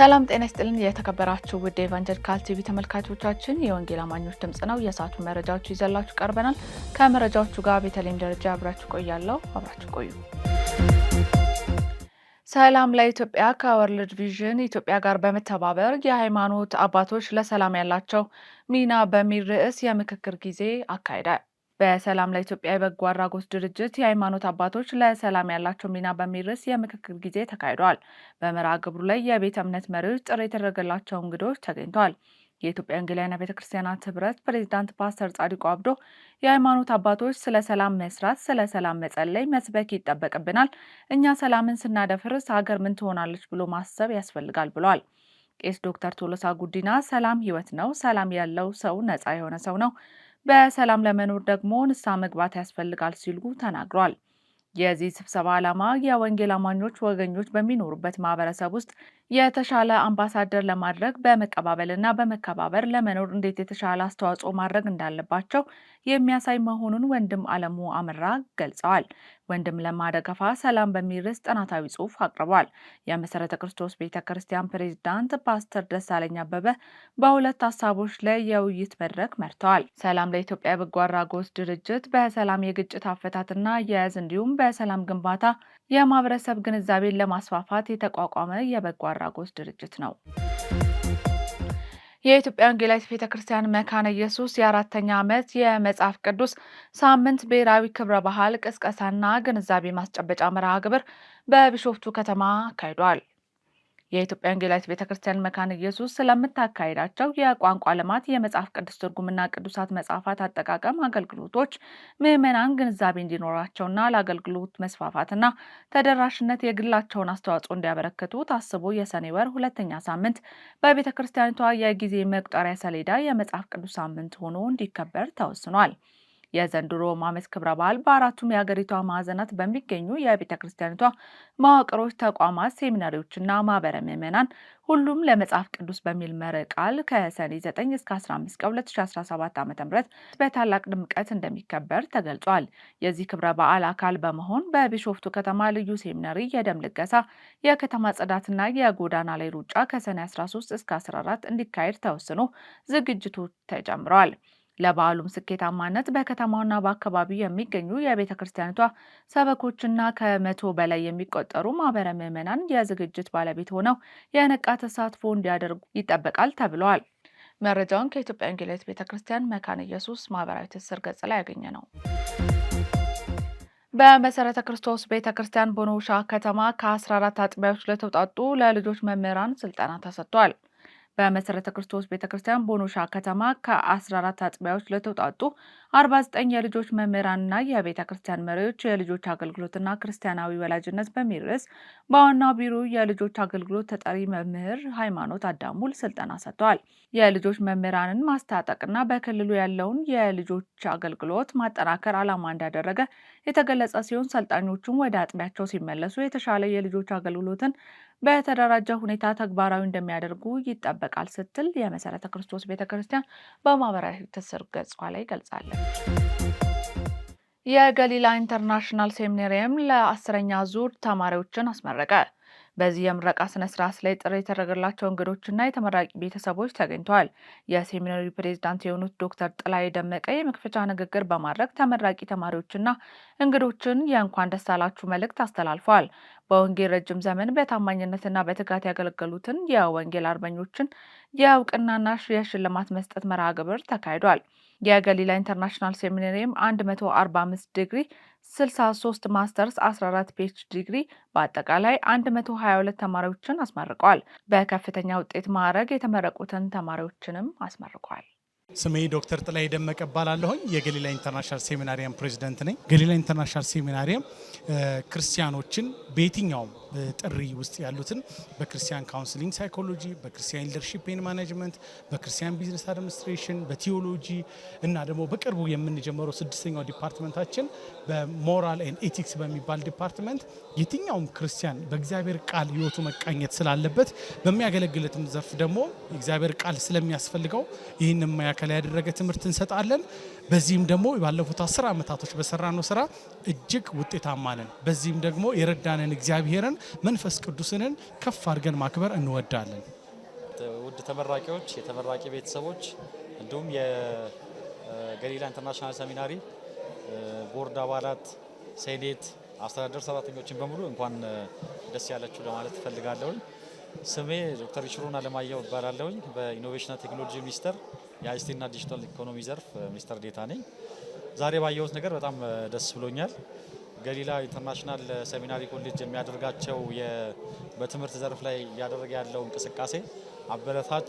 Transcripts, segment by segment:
ሰላም ጤና ስጥልን። የተከበራችሁ ውድ የኢቫንጀሊካል ቲቪ ተመልካቾቻችን የወንጌል አማኞች ድምጽ ነው። የእሳቱ መረጃዎቹ ይዘላችሁ ቀርበናል። ከመረጃዎቹ ጋር በተለይም ደረጃ አብራችሁ ቆያለው አብራችሁ ቆዩ። ሰላም ለኢትዮጵያ ከወርልድ ቪዥን ኢትዮጵያ ጋር በመተባበር የሃይማኖት አባቶች ለሰላም ያላቸው ሚና በሚል ርዕስ የምክክር ጊዜ አካሂዷል። በሰላም ለኢትዮጵያ የበጎ አድራጎት ድርጅት የሃይማኖት አባቶች ለሰላም ያላቸው ሚና በሚል ርዕስ የምክክር ጊዜ ተካሂዷል። በመርሃ ግብሩ ላይ የቤተ እምነት መሪዎች፣ ጥሪ የተደረገላቸው እንግዶች ተገኝተዋል። የኢትዮጵያ ወንጌላውያን ቤተ ክርስቲያናት ህብረት ፕሬዚዳንት ፓስተር ጻድቁ አብዶ የሃይማኖት አባቶች ስለ ሰላም መስራት፣ ስለ ሰላም መጸለይ፣ መስበክ ይጠበቅብናል። እኛ ሰላምን ስናደፍርስ ሀገር ምን ትሆናለች ብሎ ማሰብ ያስፈልጋል ብሏል። ቄስ ዶክተር ቶሎሳ ጉዲና ሰላም ህይወት ነው፣ ሰላም ያለው ሰው ነፃ የሆነ ሰው ነው በሰላም ለመኖር ደግሞ ንስሐ መግባት ያስፈልጋል ሲሉ ተናግሯል። የዚህ ስብሰባ ዓላማ የወንጌል አማኞች ወገኞች በሚኖሩበት ማህበረሰብ ውስጥ የተሻለ አምባሳደር ለማድረግ በመቀባበልና በመከባበር ለመኖር እንዴት የተሻለ አስተዋጽኦ ማድረግ እንዳለባቸው የሚያሳይ መሆኑን ወንድም አለሙ አምራ ገልጸዋል። ወንድም ለማደገፋ ሰላም በሚል ርዕስ ጥናታዊ ጽሑፍ አቅርቧል። የመሰረተ ክርስቶስ ቤተ ክርስቲያን ፕሬዝዳንት ፓስተር ደሳለኝ አበበ በሁለት ሀሳቦች ላይ የውይይት መድረክ መርተዋል። ሰላም ለኢትዮጵያ የበጎ አድራጎት ድርጅት በሰላም የግጭት አፈታትና አያያዝ እንዲሁም በሰላም ግንባታ የማህበረሰብ ግንዛቤን ለማስፋፋት የተቋቋመ የበጎ አድራጎት ድርጅት ነው። የኢትዮጵያ ወንጌላዊት ቤተ ክርስቲያን መካነ ኢየሱስ የአራተኛ ዓመት የመጽሐፍ ቅዱስ ሳምንት ብሔራዊ ክብረ በዓል ቅስቀሳና ግንዛቤ ማስጨበጫ መርሃ ግብር በቢሾፍቱ ከተማ አካሂዷል። የኢትዮጵያ ወንጌላዊት ቤተ ክርስቲያን መካነ ኢየሱስ ስለምታካሄዳቸው የቋንቋ ልማት፣ የመጽሐፍ ቅዱስ ትርጉምና ቅዱሳት መጽሐፋት አጠቃቀም አገልግሎቶች ምዕመናን ግንዛቤ እንዲኖራቸውና ለአገልግሎት መስፋፋትና ተደራሽነት የግላቸውን አስተዋጽኦ እንዲያበረክቱ ታስቦ የሰኔ ወር ሁለተኛ ሳምንት በቤተ ክርስቲያኒቷ የጊዜ መቁጠሪያ ሰሌዳ የመጽሐፍ ቅዱስ ሳምንት ሆኖ እንዲከበር ተወስኗል። የዘንድሮ ዓመት ክብረ በዓል በአራቱም የሀገሪቷ ማዕዘናት በሚገኙ የቤተ ክርስቲያኒቷ መዋቅሮች፣ ተቋማት፣ ሴሚናሪዎችና ማህበረ ምዕመናን ሁሉም ለመጽሐፍ ቅዱስ በሚል መሪ ቃል ከሰኔ 9 እስከ 15 ቀን 2017 ዓ ም በታላቅ ድምቀት እንደሚከበር ተገልጿል። የዚህ ክብረ በዓል አካል በመሆን በቢሾፍቱ ከተማ ልዩ ሴሚናሪ የደም ልገሳ፣ የከተማ ጽዳትና የጎዳና ላይ ሩጫ ከሰኔ 13 እስከ 14 እንዲካሄድ ተወስኖ ዝግጅቱ ተጀምረዋል። ለበዓሉም ስኬታማነት በከተማውና በአካባቢው የሚገኙ የቤተ ክርስቲያኒቷ ሰበኮችና ከመቶ በላይ የሚቆጠሩ ማህበረ ምዕመናን የዝግጅት ባለቤት ሆነው የነቃ ተሳትፎ እንዲያደርጉ ይጠበቃል ተብለዋል። መረጃውን ከኢትዮጵያ ወንጌላዊት ቤተ ክርስቲያን መካነ ኢየሱስ ማህበራዊ ትስስር ገጽ ላይ ያገኘ ነው። በመሰረተ ክርስቶስ ቤተ ክርስቲያን ቦኖሻ ከተማ ከ14 አጥቢያዎች ለተውጣጡ ለልጆች መምህራን ስልጠና ተሰጥቷል። በመሰረተ ክርስቶስ ቤተክርስቲያን ቦኖሻ ከተማ ከ14 አጥቢያዎች ለተውጣጡ 49 የልጆች መምህራንና የቤተ ክርስቲያን መሪዎች የልጆች አገልግሎትና ክርስቲያናዊ ወላጅነት በሚል ርዕስ በዋናው ቢሮ የልጆች አገልግሎት ተጠሪ መምህር ሃይማኖት አዳሙል ስልጠና ሰጥተዋል። የልጆች መምህራንን ማስታጠቅና በክልሉ ያለውን የልጆች አገልግሎት ማጠናከር ዓላማ እንዳደረገ የተገለጸ ሲሆን ሰልጣኞቹም ወደ አጥቢያቸው ሲመለሱ የተሻለ የልጆች አገልግሎትን በተደራጀ ሁኔታ ተግባራዊ እንደሚያደርጉ ይጠበቃል ስትል የመሰረተ ክርስቶስ ቤተክርስቲያን በማህበራዊ ትስስር ገጿ ላይ ገልጻለች። የገሊላ ኢንተርናሽናል ሴሚናሪየም ለአስረኛ ዙር ተማሪዎችን አስመረቀ። በዚህ የምረቃ ስነ ስርዓት ላይ ጥሪ የተደረገላቸው እንግዶችና የተመራቂ ቤተሰቦች ተገኝተዋል። የሴሚናሪ ፕሬዝዳንት የሆኑት ዶክተር ጥላዬ ደመቀ የመክፈቻ ንግግር በማድረግ ተመራቂ ተማሪዎችና እንግዶችን የእንኳን ደስ አላችሁ መልእክት አስተላልፈዋል። በወንጌል ረጅም ዘመን በታማኝነትና በትጋት ያገለገሉትን የወንጌል አርበኞችን የእውቅናና የሽልማት መስጠት መርሃ ግብር ተካሂዷል። የገሊላ ኢንተርናሽናል ሴሚናሪየም 145 ዲግሪ 63 ማስተርስ 14 ፒኤች ዲግሪ በአጠቃላይ 122 ተማሪዎችን አስመርቋል። በከፍተኛ ውጤት ማዕረግ የተመረቁትን ተማሪዎችንም አስመርቋል። ስሜ ዶክተር ጥላይ ደመቀ እባላለሁኝ። የገሊላ ኢንተርናሽናል ሴሚናሪየም ፕሬዚደንት ነኝ። ገሊላ ኢንተርናሽናል ሴሚናሪየም ክርስቲያኖችን በየትኛውም ጥሪ ውስጥ ያሉትን በክርስቲያን ካውንስሊንግ ሳይኮሎጂ፣ በክርስቲያን ሊደርሺፕ ኤንድ ማኔጅመንት፣ በክርስቲያን ቢዝነስ አድሚኒስትሬሽን፣ በቲዎሎጂ እና ደግሞ በቅርቡ የምንጀምረው ስድስተኛው ዲፓርትመንታችን በሞራል ኤንድ ኤቲክስ በሚባል ዲፓርትመንት የትኛውም ክርስቲያን በእግዚአብሔር ቃል ህይወቱ መቃኘት ስላለበት በሚያገለግለትም ዘርፍ ደግሞ እግዚአብሔር ቃል ስለሚያስፈልገው ይህን ማዕከል ያደረገ ትምህርት እንሰጣለን። በዚህም ደግሞ ባለፉት አስር ዓመታቶች በሰራነው ስራ እጅግ ውጤታማ ነን። በዚህም ደግሞ የረዳንን እግዚአብሔርን መንፈስ ቅዱስንን ከፍ አድርገን ማክበር እንወዳለን። ውድ ተመራቂዎች፣ የተመራቂ ቤተሰቦች እንዲሁም የገሊላ ኢንተርናሽናል ሰሚናሪ ቦርድ አባላት፣ ሴኔት፣ አስተዳደር ሰራተኞችን በሙሉ እንኳን ደስ ያላችሁ ለማለት እፈልጋለሁኝ። ስሜ ዶክተር ይሽሩን አለማየሁ እባላለሁኝ በኢኖቬሽንና ቴክኖሎጂ ሚኒስቴር የአይሲቲና ዲጂታል ኢኮኖሚ ዘርፍ ሚኒስትር ዴታ ነኝ። ዛሬ ባየሁት ነገር በጣም ደስ ብሎኛል። ገሊላ ኢንተርናሽናል ሴሚናሪ ኮሌጅ የሚያደርጋቸው በትምህርት ዘርፍ ላይ እያደረገ ያለው እንቅስቃሴ አበረታች፣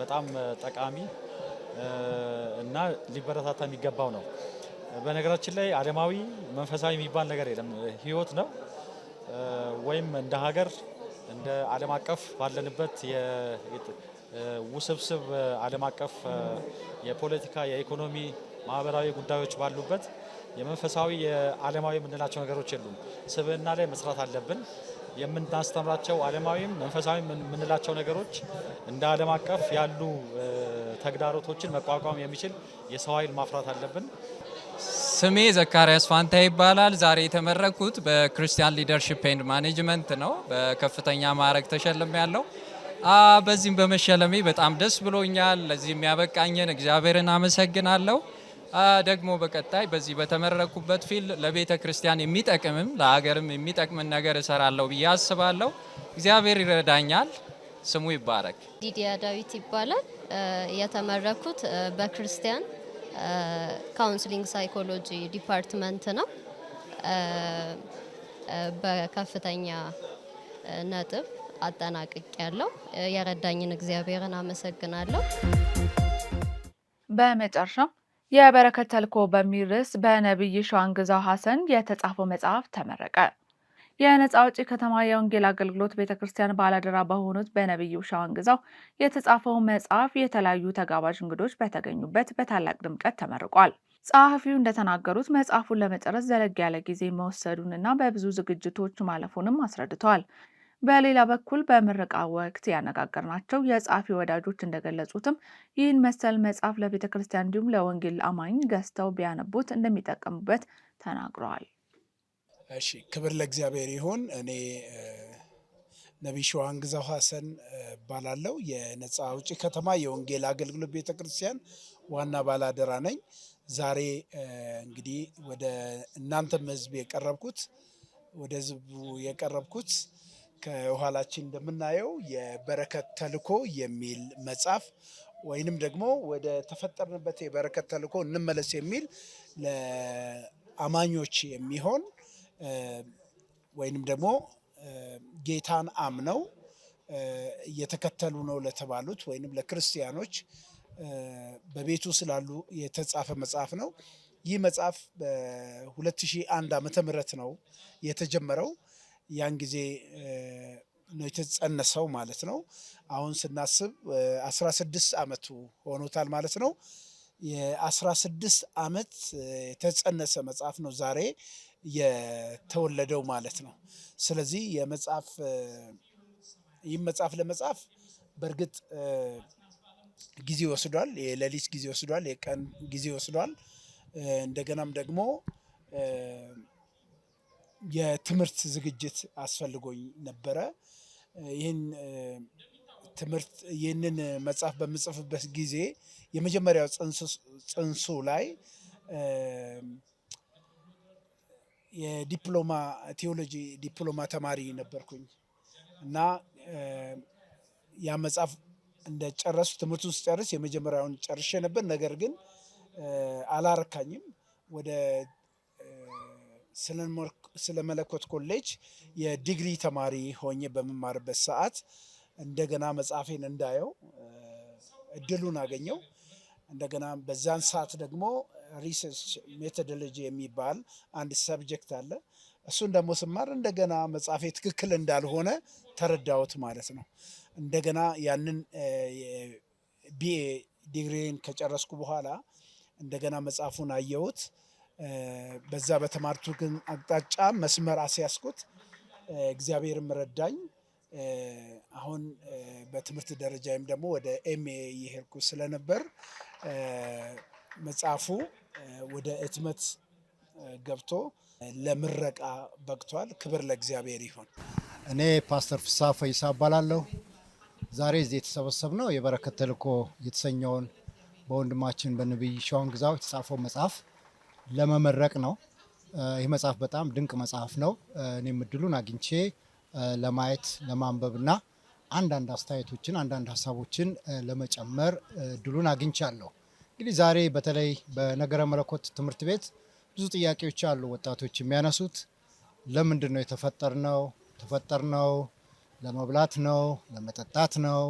በጣም ጠቃሚ እና ሊበረታታ የሚገባው ነው። በነገራችን ላይ አለማዊ መንፈሳዊ የሚባል ነገር የለም፣ ህይወት ነው ወይም እንደ ሀገር እንደ ዓለም አቀፍ ባለንበት ውስብስብ ዓለም አቀፍ የፖለቲካ፣ የኢኮኖሚ፣ ማህበራዊ ጉዳዮች ባሉበት የመንፈሳዊ የዓለማዊ የምንላቸው ነገሮች የሉም። ስብዕና ላይ መስራት አለብን። የምናስተምራቸው ዓለማዊም መንፈሳዊ የምንላቸው ነገሮች እንደ ዓለም አቀፍ ያሉ ተግዳሮቶችን መቋቋም የሚችል የሰው ኃይል ማፍራት አለብን። ስሜ ዘካርያስ ፋንታ ይባላል። ዛሬ የተመረኩት በክርስቲያን ሊደርሽፕ ኤንድ ማኔጅመንት ነው። በከፍተኛ ማዕረግ ተሸልሜ ያለው በዚህም በመሸለሜ በጣም ደስ ብሎኛል። ለዚህ የሚያበቃኝን እግዚአብሔርን አመሰግናለሁ። ደግሞ በቀጣይ በዚህ በተመረኩበት ፊልድ ለቤተ ክርስቲያን የሚጠቅምም ለሀገርም የሚጠቅምን ነገር እሰራለሁ ብዬ አስባለሁ። እግዚአብሔር ይረዳኛል። ስሙ ይባረክ። ዲዲያ ዳዊት ይባላል። የተመረኩት በክርስቲያን ካውንስሊንግ ሳይኮሎጂ ዲፓርትመንት ነው። በከፍተኛ ነጥብ አጠናቅቅ ያለው የረዳኝን እግዚአብሔርን አመሰግናለሁ። በመጨረሻ የበረከት ተልኮ በሚል ርዕስ በነቢይ ሸዋንግዛው ሀሰን የተጻፈው መጽሐፍ ተመረቀ። የነጻ አውጪ ከተማ የወንጌል አገልግሎት ቤተ ክርስቲያን ባላደራ በሆኑት በነቢዩ ሻዋን ግዛው የተጻፈው መጽሐፍ የተለያዩ ተጋባዥ እንግዶች በተገኙበት በታላቅ ድምቀት ተመርቋል። ጸሐፊው እንደተናገሩት መጽሐፉን ለመጨረስ ዘለግ ያለ ጊዜ መወሰዱንና በብዙ ዝግጅቶች ማለፉንም አስረድተዋል። በሌላ በኩል በምረቃ ወቅት ያነጋገርናቸው የጸሐፊ ወዳጆች እንደገለጹትም ይህን መሰል መጽሐፍ ለቤተ ክርስቲያን እንዲሁም ለወንጌል አማኝ ገዝተው ቢያነቡት እንደሚጠቀሙበት ተናግረዋል። እሺ ክብር ለእግዚአብሔር ይሁን። እኔ ነቢይ ሸዋን ግዛው ሀሰን እባላለሁ። የነፃ አውጪ ከተማ የወንጌል አገልግሎት ቤተ ክርስቲያን ዋና ባላደራ ነኝ። ዛሬ እንግዲህ ወደ እናንተም ህዝብ የቀረብኩት ወደ ህዝቡ የቀረብኩት ከኋላችን እንደምናየው የበረከት ተልእኮ የሚል መጽሐፍ ወይንም ደግሞ ወደ ተፈጠርንበት የበረከት ተልእኮ እንመለስ የሚል ለአማኞች የሚሆን ወይንም ደግሞ ጌታን አምነው እየተከተሉ ነው ለተባሉት ወይንም ለክርስቲያኖች በቤቱ ስላሉ የተጻፈ መጽሐፍ ነው። ይህ መጽሐፍ በ2001 ዓመተ ምህረት ነው የተጀመረው። ያን ጊዜ ነው የተጸነሰው ማለት ነው። አሁን ስናስብ 16 ዓመቱ ሆኖታል ማለት ነው። የ16 ዓመት የተጸነሰ መጽሐፍ ነው ዛሬ የተወለደው ማለት ነው። ስለዚህ የመጽሐፍ ይህ መጽሐፍ ለመጻፍ በእርግጥ ጊዜ ወስዷል። የሌሊት ጊዜ ወስዷል። የቀን ጊዜ ወስዷል። እንደገናም ደግሞ የትምህርት ዝግጅት አስፈልጎኝ ነበረ። ይህን ትምህርት ይህንን መጽሐፍ በምጽፍበት ጊዜ የመጀመሪያው ጽንሱ ላይ የዲፕሎማ ቴዎሎጂ ዲፕሎማ ተማሪ ነበርኩኝ እና ያ መጽሐፍ እንደ ጨረሱ ውስጥ ጨርስ የመጀመሪያውን ጨርሼ ነበር። ነገር ግን አላረካኝም። ወደ ስለ መለኮት ኮሌጅ የዲግሪ ተማሪ ሆኜ በምማርበት ሰዓት እንደገና መጽሐፌን እንዳየው እድሉን አገኘው። እንደገና በዛን ሰዓት ደግሞ ሪሰርች ሜቶዶሎጂ የሚባል አንድ ሰብጀክት አለ። እሱን ደግሞ ስማር እንደገና መጽሐፌ ትክክል እንዳልሆነ ተረዳሁት ማለት ነው። እንደገና ያንን ቢኤ ዲግሪን ከጨረስኩ በኋላ እንደገና መጽሐፉን አየሁት። በዛ በተማርቱ ግን አቅጣጫ መስመር አስያዝኩት። እግዚአብሔርም ረዳኝ። አሁን በትምህርት ደረጃ ደግሞ ወደ ኤምኤ እየሄድኩ ስለነበር መጽሐፉ ወደ ህትመት ገብቶ ለምረቃ በቅቷል። ክብር ለእግዚአብሔር ይሁን። እኔ ፓስተር ፍሳ ፈይሳ እባላለሁ። ዛሬ እዚህ የተሰበሰብነው የበረከት ተልእኮ የተሰኘውን በወንድማችን በነቢይ ሸዋን ግዛው የተጻፈው መጽሐፍ ለመመረቅ ነው። ይህ መጽሐፍ በጣም ድንቅ መጽሐፍ ነው። እኔም እድሉን አግኝቼ ለማየት ለማንበብና አንዳንድ አስተያየቶችን አንዳንድ ሀሳቦችን ለመጨመር እድሉን አግኝቻለሁ። እንግዲህ ዛሬ በተለይ በነገረ መለኮት ትምህርት ቤት ብዙ ጥያቄዎች አሉ ወጣቶች የሚያነሱት። ለምንድን ነው የተፈጠርነው? ተፈጠርነው ለመብላት ነው? ለመጠጣት ነው?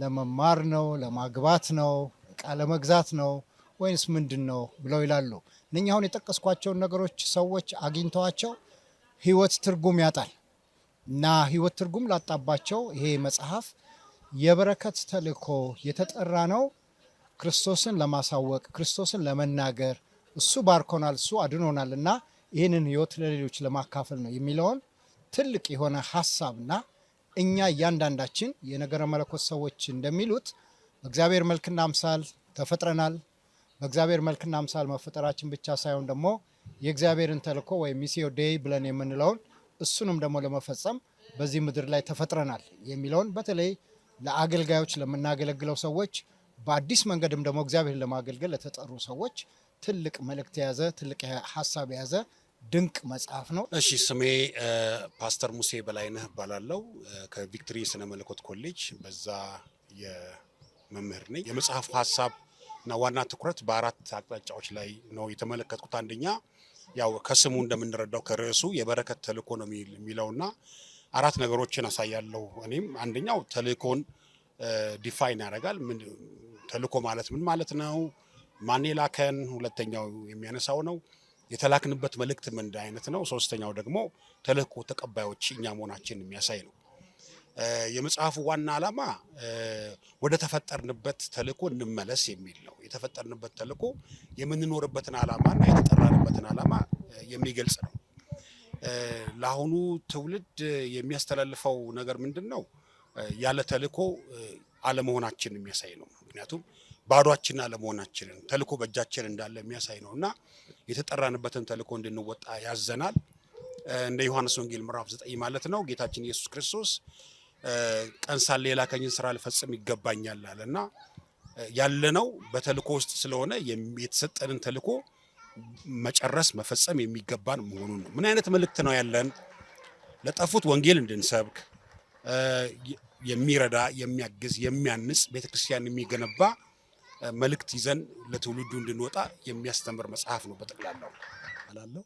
ለመማር ነው? ለማግባት ነው? ቃለመግዛት ለመግዛት ነው ወይንስ ምንድን ነው ብለው ይላሉ። እነኛ አሁን የጠቀስኳቸውን ነገሮች ሰዎች አግኝተዋቸው ህይወት ትርጉም ያጣል እና ህይወት ትርጉም ላጣባቸው ይሄ መጽሐፍ የበረከት ተልእኮ የተጠራ ነው ክርስቶስን ለማሳወቅ ክርስቶስን ለመናገር እሱ ባርኮናል፣ እሱ አድኖናል እና ይህንን ህይወት ለሌሎች ለማካፈል ነው የሚለውን ትልቅ የሆነ ሀሳብና እኛ እያንዳንዳችን የነገረ መለኮት ሰዎች እንደሚሉት በእግዚአብሔር መልክና አምሳል ተፈጥረናል። በእግዚአብሔር መልክና አምሳል መፈጠራችን ብቻ ሳይሆን ደግሞ የእግዚአብሔርን ተልእኮ ወይም ሚስዮ ዴይ ብለን የምንለውን እሱንም ደግሞ ለመፈጸም በዚህ ምድር ላይ ተፈጥረናል የሚለውን በተለይ ለአገልጋዮች ለምናገለግለው ሰዎች በአዲስ መንገድም ደግሞ እግዚአብሔር ለማገልገል ለተጠሩ ሰዎች ትልቅ መልእክት የያዘ ትልቅ ሀሳብ የያዘ ድንቅ መጽሐፍ ነው። እሺ፣ ስሜ ፓስተር ሙሴ በላይነህ እባላለሁ። ከቪክትሪ ስነ መለኮት ኮሌጅ በዛ የመምህር ነኝ። የመጽሐፉ ሀሳብ እና ዋና ትኩረት በአራት አቅጣጫዎች ላይ ነው የተመለከትኩት። አንደኛ ያው ከስሙ እንደምንረዳው ከርዕሱ የበረከት ተልእኮ ነው የሚለውና አራት ነገሮችን አሳያለሁ እኔም። አንደኛው ተልእኮን ዲፋይን ያደርጋል ተልእኮ ማለት ምን ማለት ነው? ማን የላከን? ሁለተኛው የሚያነሳው ነው። የተላክንበት መልእክት ምን አይነት ነው? ሶስተኛው ደግሞ ተልእኮ ተቀባዮች እኛ መሆናችን የሚያሳይ ነው። የመጽሐፉ ዋና ዓላማ ወደ ተፈጠርንበት ተልእኮ እንመለስ የሚል ነው። የተፈጠርንበት ተልእኮ የምንኖርበትን ዓላማና የተጠራንበትን ዓላማ የሚገልጽ ነው። ለአሁኑ ትውልድ የሚያስተላልፈው ነገር ምንድን ነው? ያለ ተልእኮ አለመሆናችን የሚያሳይ ነው። ምክንያቱም ባዷችን አለመሆናችንን ተልኮ በእጃችን እንዳለ የሚያሳይ ነው እና የተጠራንበትን ተልኮ እንድንወጣ ያዘናል። እንደ ዮሐንስ ወንጌል ምዕራፍ ዘጠኝ ማለት ነው ጌታችን ኢየሱስ ክርስቶስ ቀን ሳለ የላከኝን ስራ ልፈጽም ይገባኛል አለ እና ያለነው በተልኮ ውስጥ ስለሆነ የተሰጠንን ተልኮ መጨረስ መፈጸም የሚገባን መሆኑን ነው። ምን አይነት መልእክት ነው ያለን? ለጠፉት ወንጌል እንድንሰብክ የሚረዳ የሚያግዝ የሚያንጽ ቤተክርስቲያን የሚገነባ መልእክት ይዘን ለትውልዱ እንድንወጣ የሚያስተምር መጽሐፍ ነው። በጠቅላላው አላለው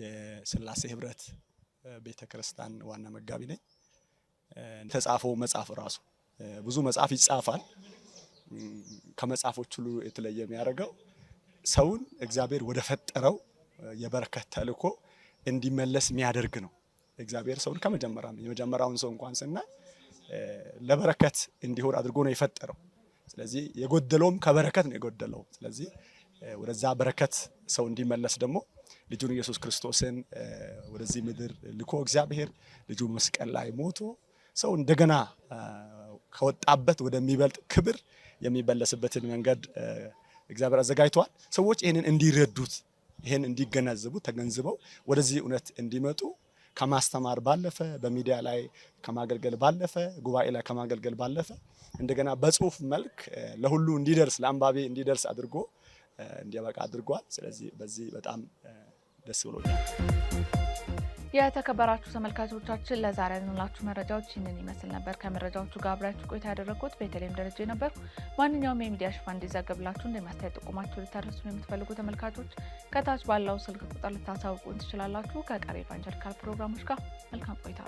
የስላሴ ህብረት ቤተ ክርስቲያን ዋና መጋቢ ነኝ። ተጻፈው መጽሐፍ ራሱ ብዙ መጽሐፍ ይጻፋል። ከመጽሐፎች ሁሉ የተለየ የሚያደርገው ሰውን እግዚአብሔር ወደ ፈጠረው የበረከት ተልእኮ እንዲመለስ የሚያደርግ ነው። እግዚአብሔር ሰውን ከመጀመሪያ የመጀመሪያውን ሰው እንኳን ስናይ ለበረከት እንዲሆን አድርጎ ነው የፈጠረው። ስለዚህ የጎደለውም ከበረከት ነው የጎደለው። ስለዚህ ወደዛ በረከት ሰው እንዲመለስ ደግሞ ልጁን ኢየሱስ ክርስቶስን ወደዚህ ምድር ልኮ እግዚአብሔር ልጁ መስቀል ላይ ሞቶ ሰው እንደገና ከወጣበት ወደሚበልጥ ክብር የሚመለስበትን መንገድ እግዚአብሔር አዘጋጅተዋል። ሰዎች ይህንን እንዲረዱት፣ ይህን እንዲገነዘቡ፣ ተገንዝበው ወደዚህ እውነት እንዲመጡ ከማስተማር ባለፈ በሚዲያ ላይ ከማገልገል ባለፈ ጉባኤ ላይ ከማገልገል ባለፈ እንደገና በጽሁፍ መልክ ለሁሉ እንዲደርስ ለአንባቢ እንዲደርስ አድርጎ እንዲያበቃ አድርጓል። ስለዚህ በዚህ በጣም ደስ ብሎኛል። የተከበራችሁ ተመልካቾቻችን ለዛሬ ያንላችሁ መረጃዎች ይህንን ይመስል ነበር። ከመረጃዎቹ ጋር አብራችሁ ቆይታ ያደረግኩት በተለይም ደረጃ ነበር። ማንኛውም የሚዲያ ሽፋን እንዲዘገብላችሁ እንደሚያስታይ ጥቁማችሁ ጥቆማችሁ የምትፈልጉ ተመልካቾች ከታች ባለው ስልክ ቁጥር ልታሳውቁን ትችላላችሁ። ከቀሪ ኢቫንጀሊካል ፕሮግራሞች ጋር መልካም ቆይታ